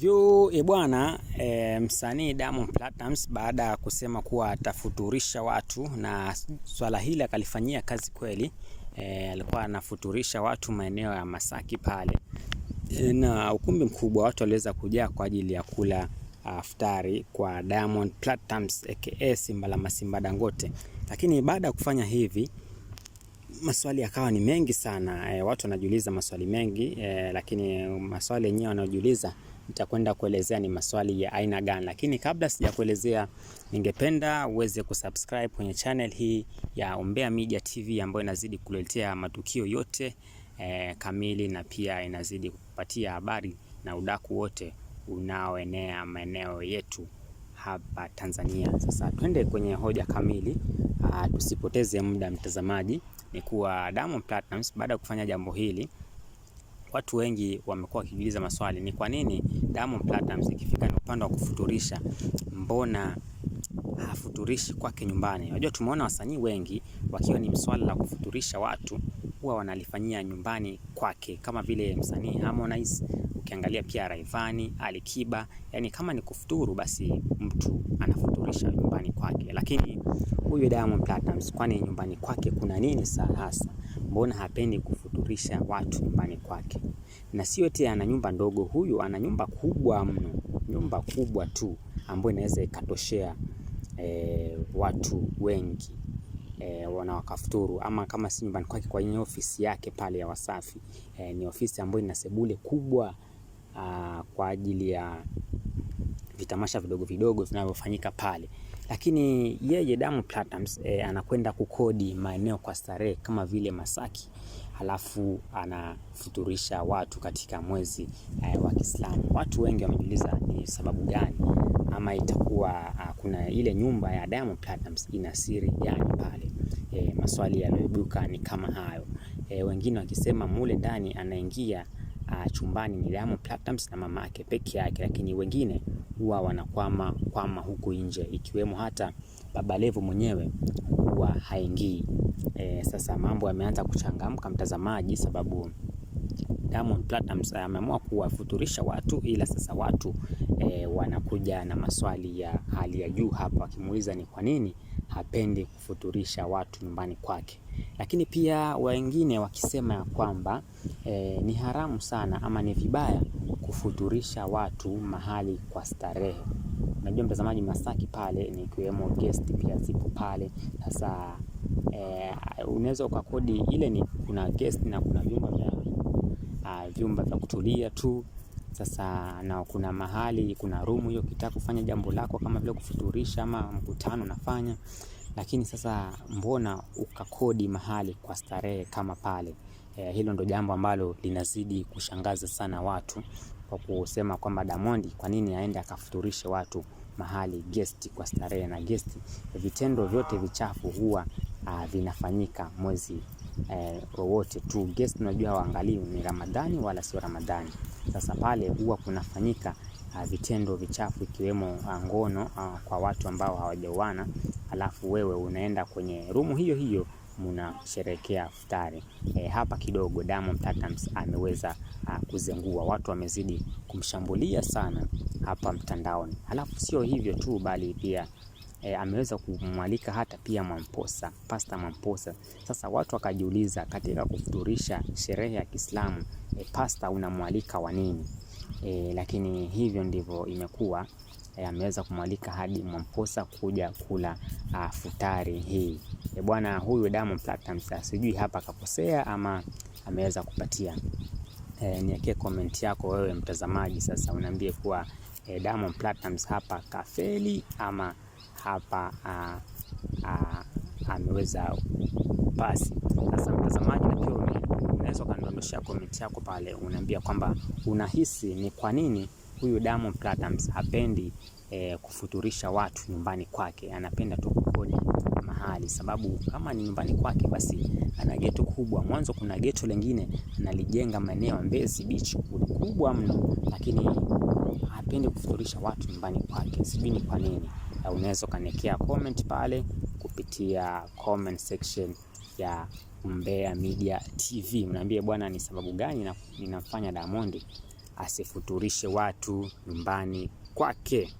Yu ebwana e, msanii Diamond Platnumz baada ya kusema kuwa atafuturisha watu na swala hili akalifanyia kazi kweli. E, alikuwa anafuturisha watu maeneo ya Masaki pale e, na ukumbi mkubwa watu waliweza kujaa kwa ajili ya kula aftari kwa Diamond Platnumz aka Simba la Masimba Dangote, lakini baada ya kufanya hivi maswali yakawa ni mengi sana e, watu wanajiuliza maswali mengi e, lakini maswali yenyewe wanajiuliza nitakwenda kuelezea ni maswali ya aina gani, lakini kabla sija kuelezea ningependa uweze kusubscribe kwenye channel hii ya Umbea Media TV ambayo inazidi kuletea matukio yote eh, kamili na pia inazidi kupatia habari na udaku wote unaoenea maeneo yetu hapa Tanzania. Sasa twende kwenye hoja kamili. Aa, ah, tusipoteze muda mtazamaji, ni kuwa Diamond Platnumz baada ya kufanya jambo hili Watu wengi wamekuwa wakijiuliza maswali, ni kwa nini Diamond Platnumz ikifika ni upande wa kufuturisha, mbona hafuturishi kwake nyumbani? Unajua, tumeona wasanii wengi wakiwa ni swala la kufuturisha watu huwa wanalifanyia nyumbani kwake, kama vile msanii Harmonize, ukiangalia pia Rayvanny, Alikiba. Yani kama ni kufuturu, basi mtu anafuturisha nyumbani kwake, lakini huyu Diamond Platnumz, kwani nyumbani kwake kuna nini? sana hasa mbona hapendi kufuturisha watu nyumbani kwake? Na sio eti ana nyumba ndogo, huyu ana nyumba kubwa mno, nyumba kubwa tu ambayo inaweza ikatoshea e, watu wengi e, wana wakafuturu. Ama kama si nyumbani kwake, kwa yenye ofisi yake pale ya Wasafi e, ni ofisi ambayo ina sebule kubwa a, ah, kwa ajili ya vitamasha vidogo vidogo vinavyofanyika pale. Lakini yeye Diamond Platnumz e, anakwenda kukodi maeneo kwa starehe kama vile Masaki, halafu anafuturisha watu katika mwezi e, wa Kiislamu. Watu wengi wamejiuliza ni sababu gani ama itakuwa a, ah, kuna ile nyumba ya Diamond Platnumz ina siri gani pale? E, maswali yaliyoibuka ni kama hayo e, wengine wakisema mule ndani anaingia ah, chumbani ni Diamond Platnumz na mama yake peke yake, lakini wengine huwa wanakwama kwama huku nje, ikiwemo hata Baba Levo mwenyewe huwa haingii. E, sasa mambo yameanza kuchangamka mtazamaji, sababu Diamond Platnumz ameamua kuwafuturisha watu, ila sasa watu e, wanakuja na maswali ya hali ya juu hapa, wakimuuliza ni kwa nini hapendi kufuturisha watu nyumbani kwake, lakini pia wengine wakisema ya kwamba e, ni haramu sana ama ni vibaya kufuturisha watu mahali kwa starehe. Unajua mtazamaji, Masaki pale ni kiwemo guest pia zipo pale. Sasa eh, unaweza ukakodi ile, ni kuna guest na kuna vyumba vya ah, vyumba vya kutulia tu. Sasa na kuna mahali kuna rumu hiyo, ukitaka kufanya jambo lako kama vile kufuturisha ama mkutano unafanya lakini sasa mbona ukakodi mahali kwa starehe kama pale? E, hilo ndo jambo ambalo linazidi kushangaza sana watu kwa kusema kwamba Diamond kwa nini aende akafuturishe watu mahali gesti kwa starehe na gesti. Vitendo vyote vichafu huwa uh, vinafanyika mwezi Eh, wowote eh, tu guest tunajua waangalii ni Ramadhani wala sio Ramadhani. Sasa pale huwa kunafanyika uh, vitendo vichafu ikiwemo ah, ngono uh, kwa watu ambao hawajaoana, alafu wewe unaenda kwenye rumu hiyo hiyo mnasherekea futari e, eh, hapa kidogo Diamond Platnumz ameweza kuzengua, watu wamezidi kumshambulia sana hapa mtandaoni. Halafu sio hivyo tu, bali pia e, ameweza kumwalika hata pia Mamposa, Pastor Mamposa. Sasa watu wakajiuliza katika kufuturisha sherehe ya Kiislamu e, pastor unamwalika wa nini? E, lakini hivyo ndivyo imekuwa. E, ameweza kumwalika hadi Mamposa kuja kula a, ah, futari hii e, bwana huyu Diamond Platnumz ah, sijui hapa akakosea ama ameweza kupatia e, niwekee comment yako wewe mtazamaji, sasa unaambie kuwa e, Diamond Platnumz hapa kafeli ama hapa ah, ah, ameweza pasi. Sasa mtazamaji, na pia unaweza ukaniondosha komenti yako pale, unaambia kwamba unahisi ni kwa nini huyu Diamond Platnumz hapendi e, kufuturisha watu nyumbani kwake, anapenda tu kukodi mahali. Sababu kama ni nyumbani kwake, basi ana geto kubwa. Mwanzo kuna geto lingine analijenga maeneo ya Mbezi Beach, kubwa mno, lakini hapendi kufuturisha watu nyumbani kwake, sijui ni kwa nini. Eh, unaweza ukaniekea comment pale kupitia comment section ya Umbea Media TV. Mnaambie bwana, ni sababu gani inamfanya Diamond asifuturishe watu nyumbani kwake?